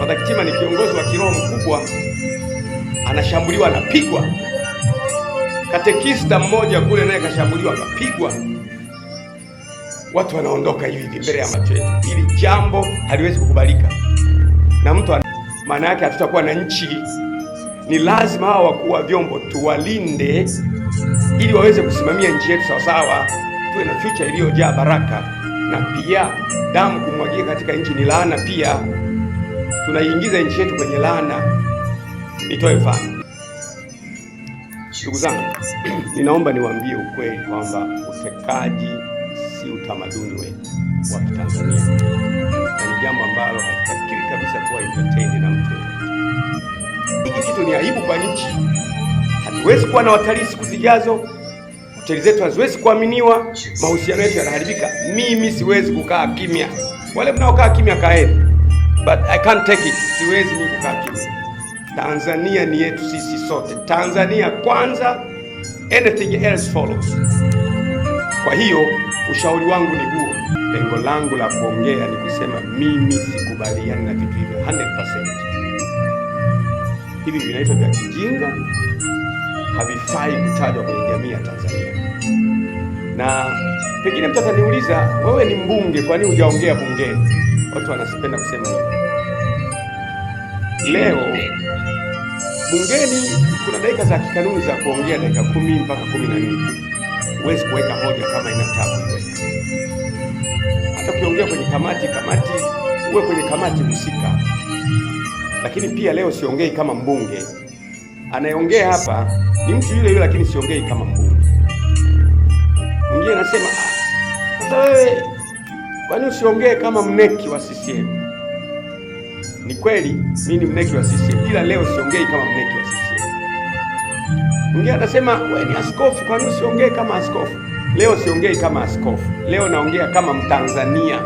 Padre Kitima ni kiongozi wa kiroho mkubwa, anashambuliwa, anapigwa. Katekista mmoja kule naye kashambuliwa, akapigwa. Watu wanaondoka hivi hivi mbele ya macho yetu. Hili jambo haliwezi kukubalika na mtu, maana yake hatutakuwa na nchi. Ni lazima hawa wakuu wa vyombo tuwalinde, ili waweze kusimamia nchi yetu sawasawa, tuwe na future iliyojaa baraka, na pia damu kumwagika katika nchi ni laana pia tunaiingiza nchi yetu kwenye laana. Nitoe mfano, ndugu zangu, ninaomba niwaambie ukweli kwamba utekaji si utamaduni wetu wa Kitanzania na ni jambo ambalo hatafikiri kabisa kuwa entertained na mtu. Hiki kitu ni aibu kwa nchi. Hatuwezi kuwa na watalii siku zijazo, hoteli zetu haziwezi kuaminiwa, mahusiano yetu yanaharibika. Mimi siwezi kukaa kimya, wale mnaokaa kimya kaeni but I can't take it. Siwezi mimi kukaa kimya. Tanzania ni yetu sisi sote. Tanzania kwanza, anything else follows. Kwa hiyo ushauri wangu ni huo. Lengo langu la kuongea ni kusema mimi sikubaliani na vitu hivyo 100%. Hivi vinaitwa vya kijinga, havifai kutajwa kwenye jamii ya Tanzania. Na pengine mtu ataniuliza, wewe ni mbunge, kwa nini hujaongea bungeni? Watu wanazipenda kusema hivi. Leo bungeni kuna dakika za kikanuni za kuongea, dakika kumi mpaka kumi na nne. Huwezi kuweka hoja kama inataka hata ukiongea kwenye kamati kamati, uwe kwenye kamati husika. Lakini pia leo siongei kama mbunge, anayeongea hapa ni mtu yule yule, lakini siongei kama mbunge. Mwingine anasema ah, sasa wewe Kwani usiongee kama mneki wa CCM? Ni kweli mimi ni mneki wa CCM, ila leo siongei kama mneki wa CCM. Mwingine atasema wewe ni askofu, kwani usiongee kama askofu? Leo siongei kama askofu, leo naongea kama Mtanzania.